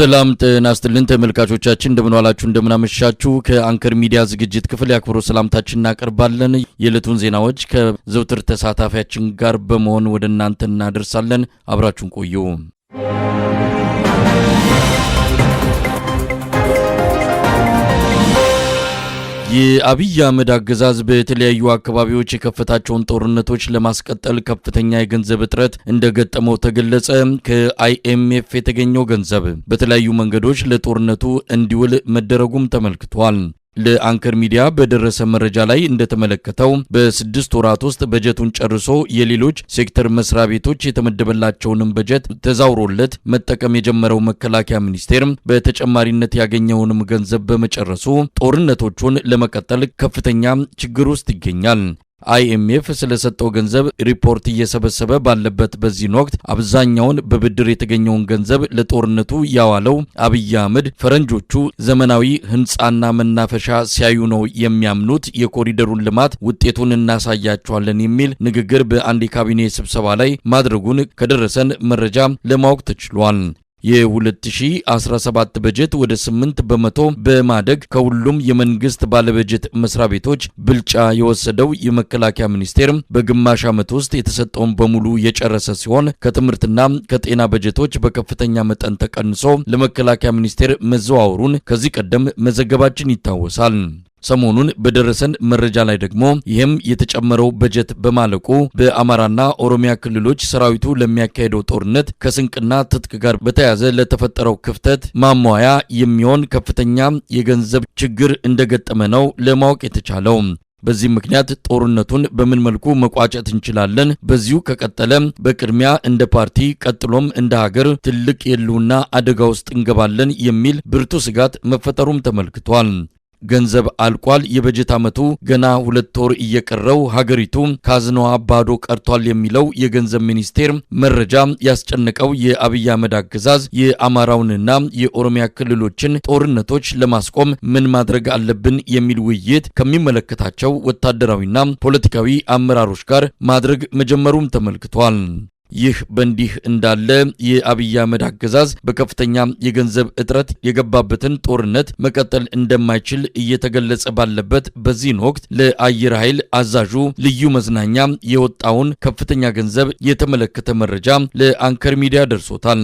ሰላም ጤና ይስጥልን ተመልካቾቻችን፣ እንደምን ዋላችሁ፣ እንደምን አመሻችሁ። ከአንከር ሚዲያ ዝግጅት ክፍል ያክብሮ ሰላምታችን እናቀርባለን። የዕለቱን ዜናዎች ከዘውትር ተሳታፊያችን ጋር በመሆን ወደ እናንተ እናደርሳለን። አብራችሁን ቆዩ። የአብይ አህመድ አገዛዝ በተለያዩ አካባቢዎች የከፈታቸውን ጦርነቶች ለማስቀጠል ከፍተኛ የገንዘብ እጥረት እንደገጠመው ተገለጸ። ከአይኤምኤፍ የተገኘው ገንዘብ በተለያዩ መንገዶች ለጦርነቱ እንዲውል መደረጉም ተመልክቷል። ለአንከር ሚዲያ በደረሰ መረጃ ላይ እንደተመለከተው በስድስት ወራት ውስጥ በጀቱን ጨርሶ የሌሎች ሴክተር መስሪያ ቤቶች የተመደበላቸውንም በጀት ተዛውሮለት መጠቀም የጀመረው መከላከያ ሚኒስቴር በተጨማሪነት ያገኘውንም ገንዘብ በመጨረሱ ጦርነቶቹን ለመቀጠል ከፍተኛ ችግር ውስጥ ይገኛል። አይኤምኤፍ ስለሰጠው ገንዘብ ሪፖርት እየሰበሰበ ባለበት በዚህን ወቅት አብዛኛውን በብድር የተገኘውን ገንዘብ ለጦርነቱ ያዋለው አብይ አህመድ ፈረንጆቹ ዘመናዊ ህንፃና መናፈሻ ሲያዩ ነው የሚያምኑት፣ የኮሪደሩን ልማት ውጤቱን እናሳያቸዋለን የሚል ንግግር በአንድ የካቢኔ ስብሰባ ላይ ማድረጉን ከደረሰን መረጃ ለማወቅ ተችሏል። የ2017 በጀት ወደ 8 በመቶ በማደግ ከሁሉም የመንግስት ባለበጀት መስሪያ ቤቶች ብልጫ የወሰደው የመከላከያ ሚኒስቴር በግማሽ ዓመት ውስጥ የተሰጠውን በሙሉ የጨረሰ ሲሆን ከትምህርትና ከጤና በጀቶች በከፍተኛ መጠን ተቀንሶ ለመከላከያ ሚኒስቴር መዘዋወሩን ከዚህ ቀደም መዘገባችን ይታወሳል። ሰሞኑን በደረሰን መረጃ ላይ ደግሞ ይህም የተጨመረው በጀት በማለቁ በአማራና ኦሮሚያ ክልሎች ሰራዊቱ ለሚያካሄደው ጦርነት ከስንቅና ትጥቅ ጋር በተያያዘ ለተፈጠረው ክፍተት ማሟያ የሚሆን ከፍተኛ የገንዘብ ችግር እንደገጠመ ነው ለማወቅ የተቻለው። በዚህ ምክንያት ጦርነቱን በምን መልኩ መቋጨት እንችላለን? በዚሁ ከቀጠለ በቅድሚያ እንደ ፓርቲ ቀጥሎም እንደ ሀገር ትልቅ የሕልውና አደጋ ውስጥ እንገባለን የሚል ብርቱ ስጋት መፈጠሩም ተመልክቷል። ገንዘብ አልቋል፣ የበጀት ዓመቱ ገና ሁለት ወር እየቀረው ሀገሪቱ ካዝናዋ ባዶ ቀርቷል የሚለው የገንዘብ ሚኒስቴር መረጃ ያስጨነቀው የአብይ አህመድ አገዛዝ የአማራውንና የኦሮሚያ ክልሎችን ጦርነቶች ለማስቆም ምን ማድረግ አለብን የሚል ውይይት ከሚመለከታቸው ወታደራዊና ፖለቲካዊ አመራሮች ጋር ማድረግ መጀመሩም ተመልክቷል። ይህ በእንዲህ እንዳለ የአብይ አህመድ አገዛዝ በከፍተኛ የገንዘብ እጥረት የገባበትን ጦርነት መቀጠል እንደማይችል እየተገለጸ ባለበት በዚህን ወቅት ለአየር ኃይል አዛዡ ልዩ መዝናኛ የወጣውን ከፍተኛ ገንዘብ የተመለከተ መረጃ ለአንከር ሚዲያ ደርሶታል።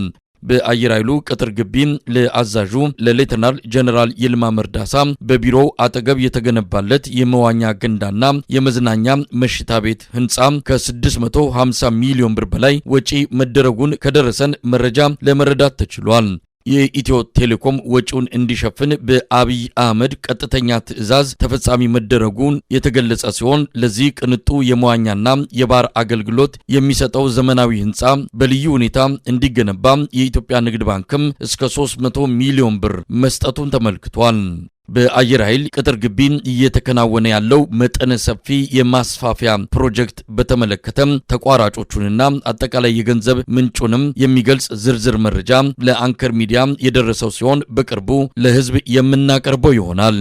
በአየር ኃይሉ ቅጥር ግቢ ለአዛዡ ለሌተናል ጀነራል ይልማ መርዳሳ በቢሮው አጠገብ የተገነባለት የመዋኛ ገንዳና የመዝናኛ መሽታ ቤት ህንፃ ከ650 ሚሊዮን ብር በላይ ወጪ መደረጉን ከደረሰን መረጃ ለመረዳት ተችሏል። የኢትዮ ቴሌኮም ወጪውን እንዲሸፍን በአብይ አህመድ ቀጥተኛ ትዕዛዝ ተፈጻሚ መደረጉን የተገለጸ ሲሆን ለዚህ ቅንጡ የመዋኛና የባር አገልግሎት የሚሰጠው ዘመናዊ ህንፃ በልዩ ሁኔታ እንዲገነባ የኢትዮጵያ ንግድ ባንክም እስከ 300 ሚሊዮን ብር መስጠቱን ተመልክቷል። በአየር ኃይል ቅጥር ግቢ እየተከናወነ ያለው መጠነ ሰፊ የማስፋፊያ ፕሮጀክት በተመለከተም ተቋራጮቹንና አጠቃላይ የገንዘብ ምንጩንም የሚገልጽ ዝርዝር መረጃ ለአንከር ሚዲያ የደረሰው ሲሆን በቅርቡ ለሕዝብ የምናቀርበው ይሆናል።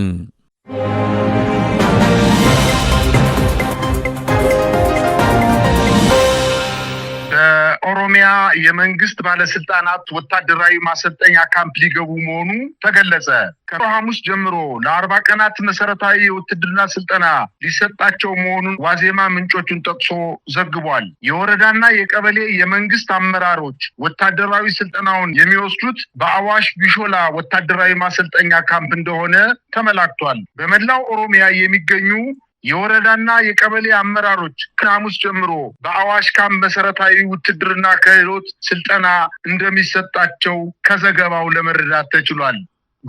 የኦሮሚያ የመንግስት ባለስልጣናት ወታደራዊ ማሰልጠኛ ካምፕ ሊገቡ መሆኑ ተገለጸ። ከሐሙስ ጀምሮ ለአርባ ቀናት መሰረታዊ የውትድርና ስልጠና ሊሰጣቸው መሆኑን ዋዜማ ምንጮቹን ጠቅሶ ዘግቧል። የወረዳና የቀበሌ የመንግስት አመራሮች ወታደራዊ ስልጠናውን የሚወስዱት በአዋሽ ቢሾላ ወታደራዊ ማሰልጠኛ ካምፕ እንደሆነ ተመላክቷል። በመላው ኦሮሚያ የሚገኙ የወረዳና የቀበሌ አመራሮች ከሐሙስ ጀምሮ በአዋሽ ካም መሰረታዊ ውትድርና ክህሎት ስልጠና እንደሚሰጣቸው ከዘገባው ለመረዳት ተችሏል።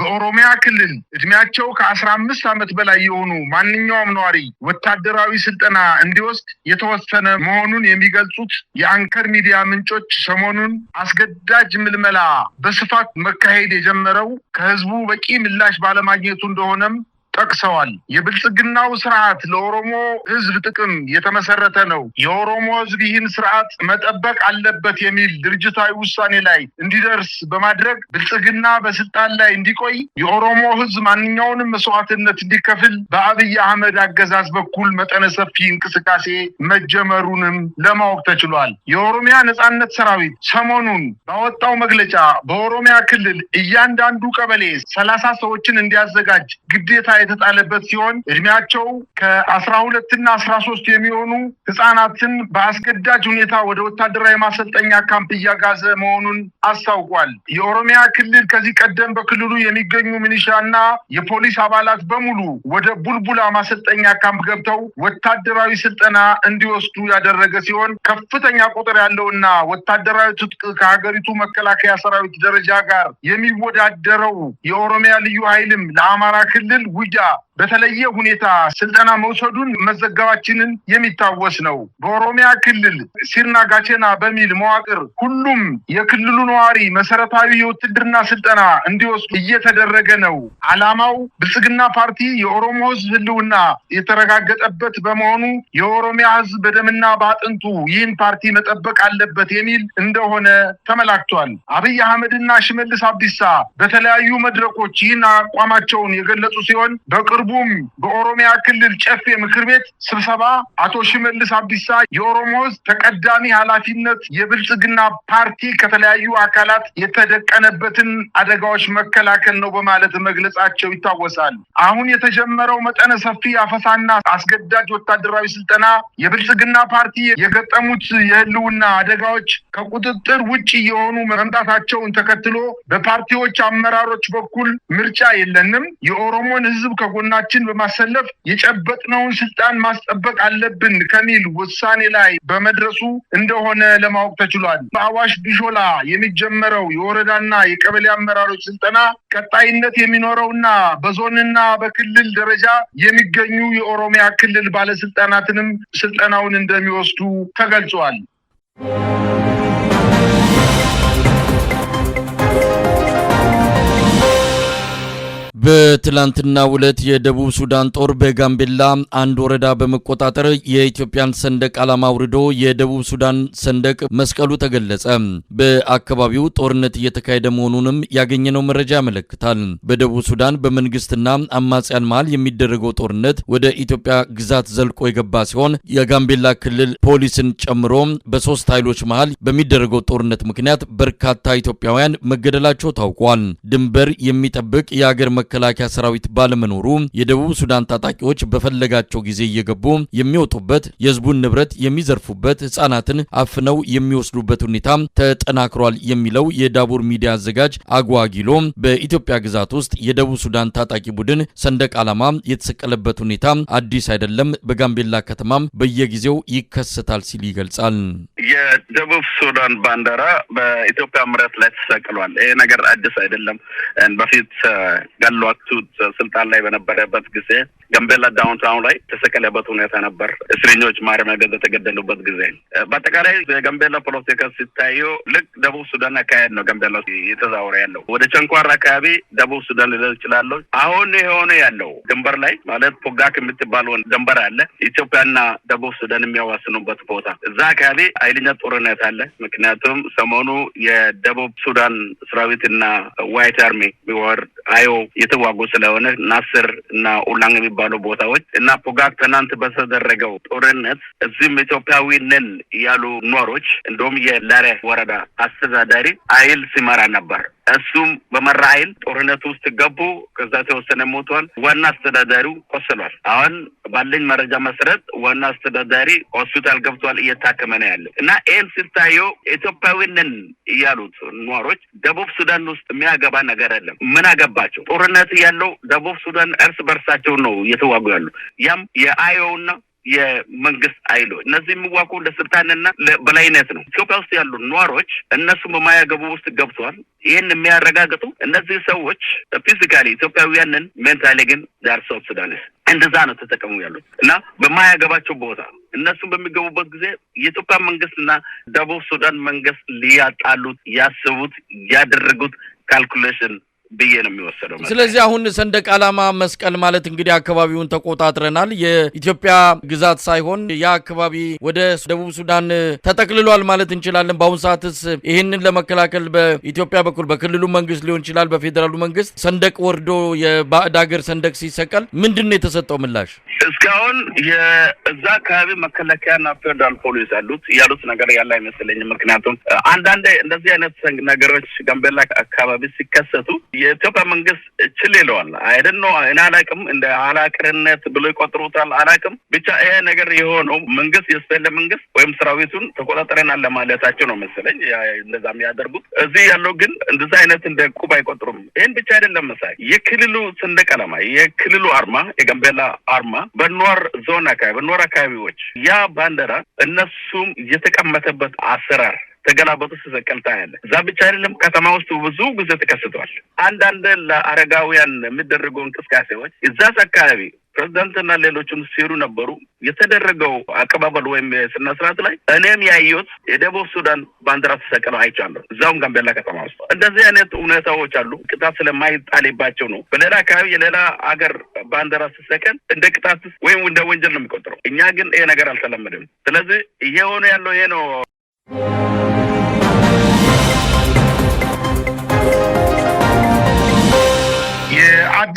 በኦሮሚያ ክልል እድሜያቸው ከአስራ አምስት ዓመት በላይ የሆኑ ማንኛውም ነዋሪ ወታደራዊ ስልጠና እንዲወስድ የተወሰነ መሆኑን የሚገልጹት የአንከር ሚዲያ ምንጮች ሰሞኑን አስገዳጅ ምልመላ በስፋት መካሄድ የጀመረው ከህዝቡ በቂ ምላሽ ባለማግኘቱ እንደሆነም ጠቅሰዋል። የብልጽግናው ስርዓት ለኦሮሞ ህዝብ ጥቅም የተመሰረተ ነው፣ የኦሮሞ ህዝብ ይህን ስርዓት መጠበቅ አለበት የሚል ድርጅታዊ ውሳኔ ላይ እንዲደርስ በማድረግ ብልጽግና በስልጣን ላይ እንዲቆይ የኦሮሞ ህዝብ ማንኛውንም መስዋዕትነት እንዲከፍል በአብይ አህመድ አገዛዝ በኩል መጠነ ሰፊ እንቅስቃሴ መጀመሩንም ለማወቅ ተችሏል። የኦሮሚያ ነጻነት ሰራዊት ሰሞኑን ባወጣው መግለጫ በኦሮሚያ ክልል እያንዳንዱ ቀበሌ ሰላሳ ሰዎችን እንዲያዘጋጅ ግዴታ የተጣለበት ሲሆን እድሜያቸው ከአስራ ሁለትና አስራ ሶስት የሚሆኑ ህጻናትን በአስገዳጅ ሁኔታ ወደ ወታደራዊ ማሰልጠኛ ካምፕ እያጋዘ መሆኑን አስታውቋል። የኦሮሚያ ክልል ከዚህ ቀደም በክልሉ የሚገኙ ሚኒሻና የፖሊስ አባላት በሙሉ ወደ ቡልቡላ ማሰልጠኛ ካምፕ ገብተው ወታደራዊ ስልጠና እንዲወስዱ ያደረገ ሲሆን ከፍተኛ ቁጥር ያለውና ወታደራዊ ትጥቅ ከሀገሪቱ መከላከያ ሰራዊት ደረጃ ጋር የሚወዳደረው የኦሮሚያ ልዩ ኃይልም ለአማራ ክልል ውይ mídia በተለየ ሁኔታ ስልጠና መውሰዱን መዘገባችንን የሚታወስ ነው። በኦሮሚያ ክልል ሲርና ጋቸና በሚል መዋቅር ሁሉም የክልሉ ነዋሪ መሰረታዊ የውትድርና ስልጠና እንዲወስዱ እየተደረገ ነው። ዓላማው ብልጽግና ፓርቲ የኦሮሞ ሕዝብ ህልውና የተረጋገጠበት በመሆኑ የኦሮሚያ ሕዝብ በደምና በአጥንቱ ይህን ፓርቲ መጠበቅ አለበት የሚል እንደሆነ ተመላክቷል። አብይ አህመድና ሽመልስ አብዲሳ በተለያዩ መድረኮች ይህን አቋማቸውን የገለጹ ሲሆን በቅር በቅርቡም በኦሮሚያ ክልል ጨፌ ምክር ቤት ስብሰባ አቶ ሽመልስ አብዲሳ የኦሮሞ ተቀዳሚ ኃላፊነት የብልጽግና ፓርቲ ከተለያዩ አካላት የተደቀነበትን አደጋዎች መከላከል ነው በማለት መግለጻቸው ይታወሳል። አሁን የተጀመረው መጠነ ሰፊ አፈሳና አስገዳጅ ወታደራዊ ስልጠና የብልጽግና ፓርቲ የገጠሙት የህልውና አደጋዎች ከቁጥጥር ውጭ የሆኑ መምጣታቸውን ተከትሎ በፓርቲዎች አመራሮች በኩል ምርጫ የለንም፣ የኦሮሞን ሕዝብ ከጎና ህልውናችን በማሰለፍ የጨበጥነውን ስልጣን ማስጠበቅ አለብን ከሚል ውሳኔ ላይ በመድረሱ እንደሆነ ለማወቅ ተችሏል። በአዋሽ ቢሾላ የሚጀመረው የወረዳና የቀበሌ አመራሮች ስልጠና ቀጣይነት የሚኖረውና በዞንና በክልል ደረጃ የሚገኙ የኦሮሚያ ክልል ባለስልጣናትንም ስልጠናውን እንደሚወስዱ ተገልጿል። በትላንትና ዕለት የደቡብ ሱዳን ጦር በጋምቤላ አንድ ወረዳ በመቆጣጠር የኢትዮጵያን ሰንደቅ ዓላማ አውርዶ የደቡብ ሱዳን ሰንደቅ መስቀሉ ተገለጸ። በአካባቢው ጦርነት እየተካሄደ መሆኑንም ያገኘነው መረጃ ያመለክታል። በደቡብ ሱዳን በመንግስትና አማጽያን መሃል የሚደረገው ጦርነት ወደ ኢትዮጵያ ግዛት ዘልቆ የገባ ሲሆን የጋምቤላ ክልል ፖሊስን ጨምሮ በሶስት ኃይሎች መሃል በሚደረገው ጦርነት ምክንያት በርካታ ኢትዮጵያውያን መገደላቸው ታውቋል። ድንበር የሚጠብቅ የአገር መከ የመከላከያ ሰራዊት ባለመኖሩ የደቡብ ሱዳን ታጣቂዎች በፈለጋቸው ጊዜ እየገቡ የሚወጡበት፣ የህዝቡን ንብረት የሚዘርፉበት፣ ህጻናትን አፍነው የሚወስዱበት ሁኔታ ተጠናክሯል የሚለው የዳቡር ሚዲያ አዘጋጅ አጓጊሎ በኢትዮጵያ ግዛት ውስጥ የደቡብ ሱዳን ታጣቂ ቡድን ሰንደቅ ዓላማ የተሰቀለበት ሁኔታ አዲስ አይደለም፣ በጋምቤላ ከተማም በየጊዜው ይከሰታል ሲል ይገልጻል። የደቡብ ሱዳን ባንዲራ በኢትዮጵያ መሬት ላይ ተሰቅሏል። ይሄ ነገር አዲስ አይደለም። በፊት ጋሎ ስላሏት ስልጣን ላይ በነበረበት ጊዜ ገንቤላ ዳውንታውን ላይ ተሰቀለበት ሁኔታ ነበር። እስረኞች ማረሚያ ቤት በተገደሉበት ጊዜ በአጠቃላይ የገንቤላ ፖለቲካ ሲታዩ ልክ ደቡብ ሱዳን አካሄድ ነው። ገንቤላ የተዛወረ ያለው ወደ ቸንኳራ አካባቢ ደቡብ ሱዳን ሊለ ይችላለሁ አሁን የሆነ ያለው ድንበር ላይ ማለት ፖጋክ የምትባል ድንበር አለ ኢትዮጵያና ደቡብ ሱዳን የሚያዋስኑበት ቦታ እዛ አካባቢ ኃይለኛ ጦርነት አለ። ምክንያቱም ሰሞኑ የደቡብ ሱዳን ሰራዊትና ዋይት አርሚ ቢወር አዮ የተዋጉ ስለሆነ ናስር እና ኡላንግ የሚባ በሚባሉ ቦታዎች እና ፖጋግ ትናንት በተደረገው ጦርነት እዚህም ኢትዮጵያዊ ነን ያሉ ኗሮች እንደውም የላሬ ወረዳ አስተዳዳሪ አይል ሲመራ ነበር። እሱም በመራ አይል ጦርነት ውስጥ ገቡ። ከዛ የተወሰነ ሞቷል። ዋና አስተዳዳሪው ቆስሏል። አሁን ባለኝ መረጃ መሰረት ዋና አስተዳዳሪ ሆስፒታል ገብቷል፣ እየታከመ ነው ያለ እና ይህን ስታየው ኢትዮጵያዊንን እያሉት ኗሮች ደቡብ ሱዳን ውስጥ የሚያገባ ነገር አለም ምን አገባቸው? ጦርነት ያለው ደቡብ ሱዳን እርስ በርሳቸው ነው እየተዋጉ ያሉ ያም የአዮና የመንግስት አይሎ እነዚህ የሚዋጉ ለስልጣንና ለበላይነት ነው። ኢትዮጵያ ውስጥ ያሉ ኗሮች እነሱ በማያገቡ ውስጥ ገብተዋል። ይህን የሚያረጋግጡ እነዚህ ሰዎች ፊዚካሊ ኢትዮጵያውያንን ሜንታሊ ግን ዳርሰው ሱዳንስ እንደዛ ነው ተጠቀሙ ያሉት እና በማያገባቸው ቦታ እነሱን በሚገቡበት ጊዜ የኢትዮጵያ መንግስትና ደቡብ ሱዳን መንግስት ሊያጣሉት ያስቡት ያደረጉት ካልኩሌሽን ብዬ ነው የሚወሰደው። ስለዚህ አሁን ሰንደቅ ዓላማ መስቀል ማለት እንግዲህ አካባቢውን ተቆጣጥረናል፣ የኢትዮጵያ ግዛት ሳይሆን ያ አካባቢ ወደ ደቡብ ሱዳን ተጠቅልሏል ማለት እንችላለን። በአሁኑ ሰዓትስ ይህንን ለመከላከል በኢትዮጵያ በኩል በክልሉ መንግስት ሊሆን ይችላል፣ በፌዴራሉ መንግስት ሰንደቅ ወርዶ የባዕድ ሀገር ሰንደቅ ሲሰቀል ምንድን ነው የተሰጠው ምላሽ? እስካሁን የእዛ አካባቢ መከላከያና ፌዴራል ፖሊስ ያሉት ያሉት ነገር ያለ አይመስለኝም። ምክንያቱም አንዳንድ እንደዚህ አይነት ነገሮች ጋምቤላ አካባቢ ሲከሰቱ የኢትዮጵያ መንግስት ችል ይለዋል። አይደኖ እኔ አላቅም፣ እንደ አላቅርነት ብሎ ይቆጥሩታል። አላቅም ብቻ ይሄ ነገር የሆነው መንግስት የስለ መንግስት ወይም ሰራዊቱን ተቆጣጠረናል ለማለታቸው ነው መሰለኝ እንደዛም ያደርጉት። እዚህ ያለው ግን እንደዛ አይነት እንደ ቁብ አይቆጥሩም። ይህን ብቻ አይደለም መሳይ የክልሉ ሰንደቅ ዓላማ የክልሉ አርማ የገንቤላ አርማ በኗር ዞን አካባቢ በኗር አካባቢዎች ያ ባንዲራ እነሱም የተቀመጠበት አሰራር ተገላበጡ ስሰቀል ያለ እዛ ብቻ አይደለም፣ ከተማ ውስጥ ብዙ ጊዜ ተከስቷል አንዳንድ ለአረጋውያን የሚደረጉ እንቅስቃሴዎች እዛስ አካባቢ ፕሬዚዳንትና ሌሎችም ሲሉ ነበሩ። የተደረገው አቀባበል ወይም ስነስርዓት ላይ እኔም ያየሁት የደቡብ ሱዳን ባንዲራ ተሰቀለው አይቻለሁ። እዛውም ጋምቤላ ከተማ ውስጥ እንደዚህ አይነት ሁኔታዎች አሉ። ቅጣት ስለማይጣልባቸው ነው። በሌላ አካባቢ የሌላ አገር ባንዲራ ሲሰቀል እንደ ቅጣት ወይም እንደ ወንጀል ነው የሚቆጥረው። እኛ ግን ይሄ ነገር አልተለመደም። ስለዚህ እየሆነ ያለው ይሄ ነው። Música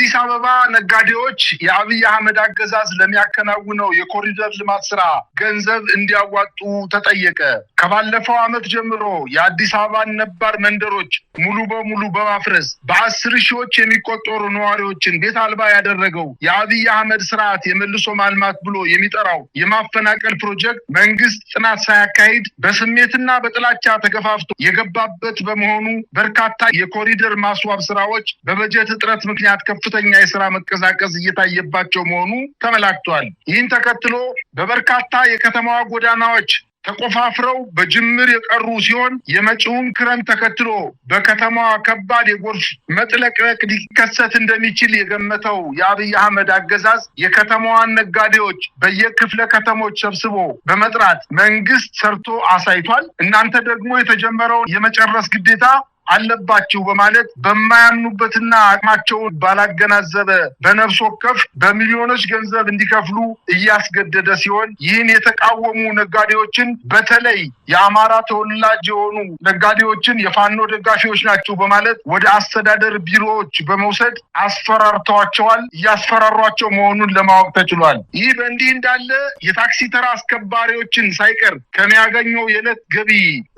የአዲስ አበባ ነጋዴዎች የአብይ አህመድ አገዛዝ ለሚያከናውነው የኮሪደር ልማት ስራ ገንዘብ እንዲያዋጡ ተጠየቀ። ከባለፈው ዓመት ጀምሮ የአዲስ አበባን ነባር መንደሮች ሙሉ በሙሉ በማፍረስ በአስር ሺዎች የሚቆጠሩ ነዋሪዎችን ቤት አልባ ያደረገው የአብይ አህመድ ስርዓት የመልሶ ማልማት ብሎ የሚጠራው የማፈናቀል ፕሮጀክት መንግስት ጥናት ሳያካሂድ በስሜትና በጥላቻ ተገፋፍቶ የገባበት በመሆኑ በርካታ የኮሪደር ማስዋብ ስራዎች በበጀት እጥረት ምክንያት ከፍተ ከፍተኛ የስራ መቀዛቀዝ እየታየባቸው መሆኑ ተመላክቷል። ይህን ተከትሎ በበርካታ የከተማዋ ጎዳናዎች ተቆፋፍረው በጅምር የቀሩ ሲሆን የመጪውን ክረምት ተከትሎ በከተማዋ ከባድ የጎርፍ መጥለቅለቅ ሊከሰት እንደሚችል የገመተው የአብይ አህመድ አገዛዝ የከተማዋን ነጋዴዎች በየክፍለ ከተሞች ሰብስቦ በመጥራት መንግስት ሰርቶ አሳይቷል፣ እናንተ ደግሞ የተጀመረውን የመጨረስ ግዴታ አለባቸው በማለት በማያምኑበትና አቅማቸውን ባላገናዘበ በነፍስ ወከፍ በሚሊዮኖች ገንዘብ እንዲከፍሉ እያስገደደ ሲሆን ይህን የተቃወሙ ነጋዴዎችን በተለይ የአማራ ተወላጅ የሆኑ ነጋዴዎችን የፋኖ ደጋፊዎች ናቸው በማለት ወደ አስተዳደር ቢሮዎች በመውሰድ አስፈራርተዋቸዋል። እያስፈራሯቸው መሆኑን ለማወቅ ተችሏል። ይህ በእንዲህ እንዳለ የታክሲ ተራ አስከባሪዎችን ሳይቀር ከሚያገኘው የዕለት ገቢ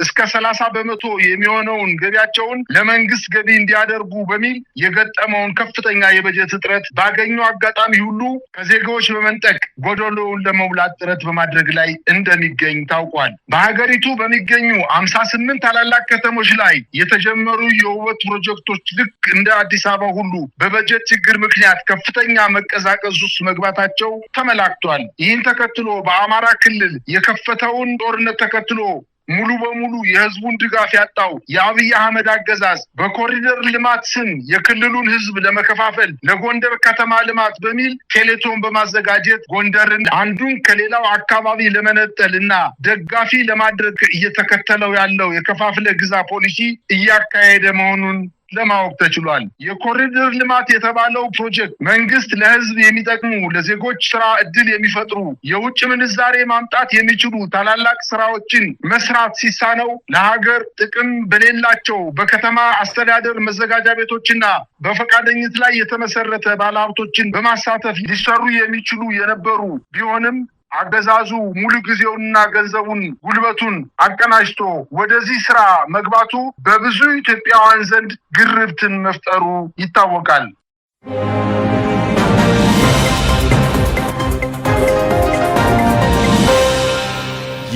እስከ ሰላሳ በመቶ የሚሆነውን ገቢያቸው ገቢያቸውን ለመንግስት ገቢ እንዲያደርጉ በሚል የገጠመውን ከፍተኛ የበጀት እጥረት ባገኙ አጋጣሚ ሁሉ ከዜጋዎች በመንጠቅ ጎደሎውን ለመሙላት ጥረት በማድረግ ላይ እንደሚገኝ ታውቋል። በሀገሪቱ በሚገኙ አምሳ ስምንት ታላላቅ ከተሞች ላይ የተጀመሩ የውበት ፕሮጀክቶች ልክ እንደ አዲስ አበባ ሁሉ በበጀት ችግር ምክንያት ከፍተኛ መቀዛቀዝ ውስጥ መግባታቸው ተመላክቷል። ይህን ተከትሎ በአማራ ክልል የከፈተውን ጦርነት ተከትሎ ሙሉ በሙሉ የህዝቡን ድጋፍ ያጣው የአብይ አህመድ አገዛዝ በኮሪደር ልማት ስም የክልሉን ህዝብ ለመከፋፈል ለጎንደር ከተማ ልማት በሚል ቴሌቶን በማዘጋጀት ጎንደርን አንዱን ከሌላው አካባቢ ለመነጠል እና ደጋፊ ለማድረግ እየተከተለው ያለው የከፋፍለ ግዛ ፖሊሲ እያካሄደ መሆኑን ለማወቅ ተችሏል። የኮሪደር ልማት የተባለው ፕሮጀክት መንግስት ለህዝብ የሚጠቅሙ ለዜጎች ስራ እድል የሚፈጥሩ የውጭ ምንዛሬ ማምጣት የሚችሉ ታላላቅ ስራዎችን መስራት ሲሳነው ለሀገር ጥቅም በሌላቸው በከተማ አስተዳደር መዘጋጃ ቤቶችና በፈቃደኝነት ላይ የተመሰረተ ባለሀብቶችን በማሳተፍ ሊሰሩ የሚችሉ የነበሩ ቢሆንም አገዛዙ ሙሉ ጊዜውንና ገንዘቡን ጉልበቱን አቀናጅቶ ወደዚህ ስራ መግባቱ በብዙ ኢትዮጵያውያን ዘንድ ግርብትን መፍጠሩ ይታወቃል።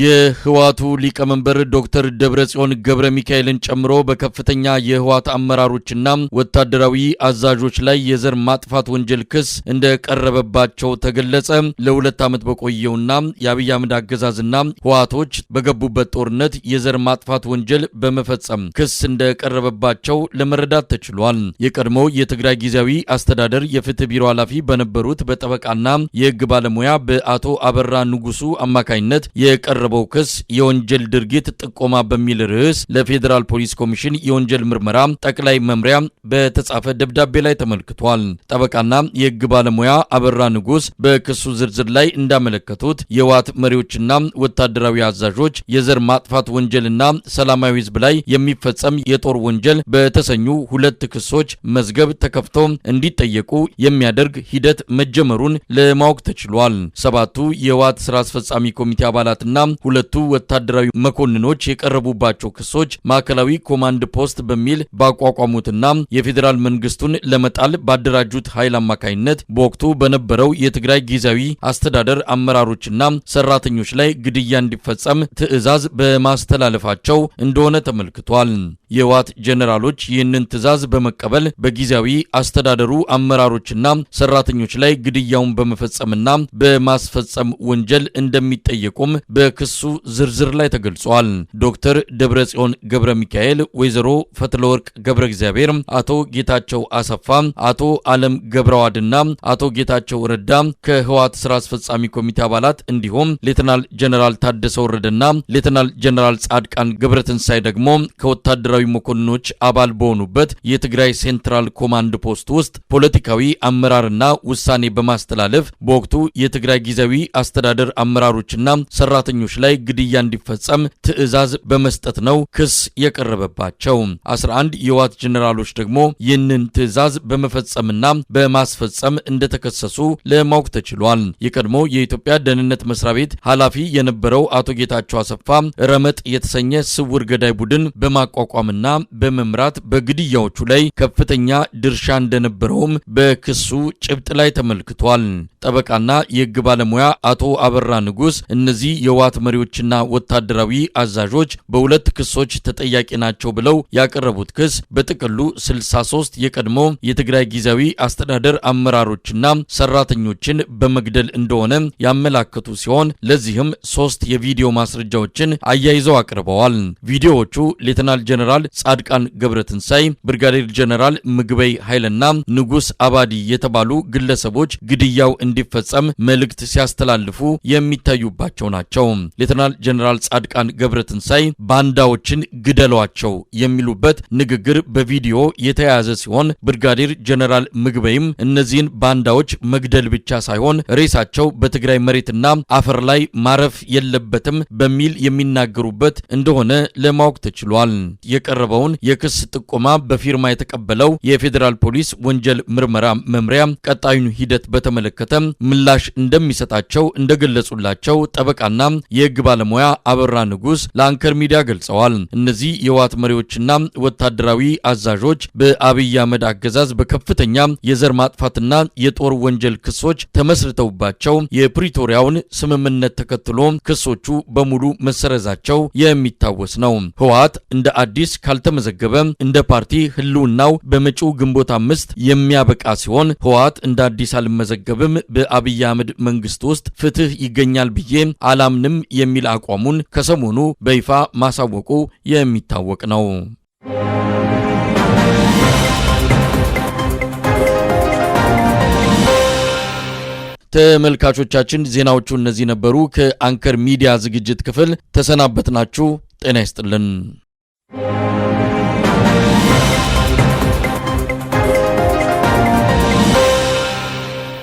የህዋቱ ሊቀመንበር ዶክተር ደብረጽዮን ገብረ ሚካኤልን ጨምሮ በከፍተኛ የህዋት አመራሮችና ወታደራዊ አዛዦች ላይ የዘር ማጥፋት ወንጀል ክስ እንደቀረበባቸው ተገለጸ። ለሁለት ዓመት በቆየውና የአብይ አህመድ አገዛዝና ህዋቶች በገቡበት ጦርነት የዘር ማጥፋት ወንጀል በመፈጸም ክስ እንደቀረበባቸው ለመረዳት ተችሏል። የቀድሞው የትግራይ ጊዜያዊ አስተዳደር የፍትህ ቢሮ ኃላፊ በነበሩት በጠበቃና የህግ ባለሙያ በአቶ አበራ ንጉሱ አማካኝነት የቀረ በቀረበው ክስ የወንጀል ድርጊት ጥቆማ በሚል ርዕስ ለፌዴራል ፖሊስ ኮሚሽን የወንጀል ምርመራ ጠቅላይ መምሪያ በተጻፈ ደብዳቤ ላይ ተመልክቷል። ጠበቃና የህግ ባለሙያ አበራ ንጉስ በክሱ ዝርዝር ላይ እንዳመለከቱት የዋት መሪዎችና ወታደራዊ አዛዦች የዘር ማጥፋት ወንጀልና ሰላማዊ ህዝብ ላይ የሚፈጸም የጦር ወንጀል በተሰኙ ሁለት ክሶች መዝገብ ተከፍተው እንዲጠየቁ የሚያደርግ ሂደት መጀመሩን ለማወቅ ተችሏል። ሰባቱ የዋት ስራ አስፈጻሚ ኮሚቴ አባላትና ሁለቱ ወታደራዊ መኮንኖች የቀረቡባቸው ክሶች ማዕከላዊ ኮማንድ ፖስት በሚል ባቋቋሙትና የፌዴራል መንግስቱን ለመጣል ባደራጁት ኃይል አማካይነት በወቅቱ በነበረው የትግራይ ጊዜያዊ አስተዳደር አመራሮችና ሰራተኞች ላይ ግድያ እንዲፈጸም ትዕዛዝ በማስተላለፋቸው እንደሆነ ተመልክቷል። የህወሓት ጀነራሎች ይህንን ትዕዛዝ በመቀበል በጊዜያዊ አስተዳደሩ አመራሮችና ሰራተኞች ላይ ግድያውን በመፈጸምና በማስፈጸም ወንጀል እንደሚጠየቁም በክ ክሱ ዝርዝር ላይ ተገልጿል። ዶክተር ደብረጽዮን ገብረ ሚካኤል፣ ወይዘሮ ፈትለወርቅ ገብረ እግዚአብሔር፣ አቶ ጌታቸው አሰፋ፣ አቶ አለም ገብረዋድና አቶ ጌታቸው ረዳ ከህወሓት ስራ አስፈጻሚ ኮሚቴ አባላት እንዲሁም ሌተናል ጀነራል ታደሰ ወረደና ሌተናል ጀነራል ጻድቃን ገብረትንሳይ ደግሞ ከወታደራዊ መኮንኖች አባል በሆኑበት የትግራይ ሴንትራል ኮማንድ ፖስት ውስጥ ፖለቲካዊ አመራርና ውሳኔ በማስተላለፍ በወቅቱ የትግራይ ጊዜያዊ አስተዳደር አመራሮችና ሰራተኞች ተከሳሾች ላይ ግድያ እንዲፈጸም ትዕዛዝ በመስጠት ነው ክስ የቀረበባቸው። 11 የዋት ጀኔራሎች ደግሞ ይህንን ትዕዛዝ በመፈጸምና በማስፈጸም እንደተከሰሱ ለማወቅ ተችሏል። የቀድሞ የኢትዮጵያ ደህንነት መስሪያ ቤት ኃላፊ የነበረው አቶ ጌታቸው አሰፋ ረመጥ የተሰኘ ስውር ገዳይ ቡድን በማቋቋምና በመምራት በግድያዎቹ ላይ ከፍተኛ ድርሻ እንደነበረውም በክሱ ጭብጥ ላይ ተመልክቷል። ጠበቃና የህግ ባለሙያ አቶ አበራ ንጉስ እነዚህ የዋት መሪዎችና ወታደራዊ አዛዦች በሁለት ክሶች ተጠያቂ ናቸው ብለው ያቀረቡት ክስ በጥቅሉ 63 የቀድሞ የትግራይ ጊዜያዊ አስተዳደር አመራሮችና ሰራተኞችን በመግደል እንደሆነ ያመላከቱ ሲሆን ለዚህም ሶስት የቪዲዮ ማስረጃዎችን አያይዘው አቅርበዋል። ቪዲዮዎቹ ሌተናል ጀነራል ጻድቃን ገብረትንሳይ፣ ብርጋዴር ጀነራል ምግበይ ኃይልና ንጉስ አባዲ የተባሉ ግለሰቦች ግድያው እንዲፈጸም መልእክት ሲያስተላልፉ የሚታዩባቸው ናቸው። ሌተናል ጀኔራል ጻድቃን ገብረትንሳይ ባንዳዎችን ግደሏቸው የሚሉበት ንግግር በቪዲዮ የተያያዘ ሲሆን ብርጋዴር ጀኔራል ምግበይም እነዚህን ባንዳዎች መግደል ብቻ ሳይሆን ሬሳቸው በትግራይ መሬትና አፈር ላይ ማረፍ የለበትም በሚል የሚናገሩበት እንደሆነ ለማወቅ ተችሏል። የቀረበውን የክስ ጥቆማ በፊርማ የተቀበለው የፌዴራል ፖሊስ ወንጀል ምርመራ መምሪያ ቀጣዩን ሂደት በተመለከተ ምላሽ እንደሚሰጣቸው እንደገለጹላቸው ጠበቃና የህግ ባለሙያ አበራ ንጉስ ለአንከር ሚዲያ ገልጸዋል። እነዚህ የህወሓት መሪዎችና ወታደራዊ አዛዦች በአብይ አህመድ አገዛዝ በከፍተኛ የዘር ማጥፋትና የጦር ወንጀል ክሶች ተመስርተውባቸው የፕሪቶሪያውን ስምምነት ተከትሎ ክሶቹ በሙሉ መሰረዛቸው የሚታወስ ነው። ህወሓት እንደ አዲስ ካልተመዘገበ እንደ ፓርቲ ህልውናው በመጪው ግንቦት አምስት የሚያበቃ ሲሆን ህወሓት እንደ አዲስ አልመዘገብም፣ በአብይ አህመድ መንግስት ውስጥ ፍትህ ይገኛል ብዬ አላምንም የሚል አቋሙን ከሰሞኑ በይፋ ማሳወቁ የሚታወቅ ነው። ተመልካቾቻችን ዜናዎቹ እነዚህ ነበሩ። ከአንከር ሚዲያ ዝግጅት ክፍል ተሰናበትናችሁ። ጤና ይስጥልን።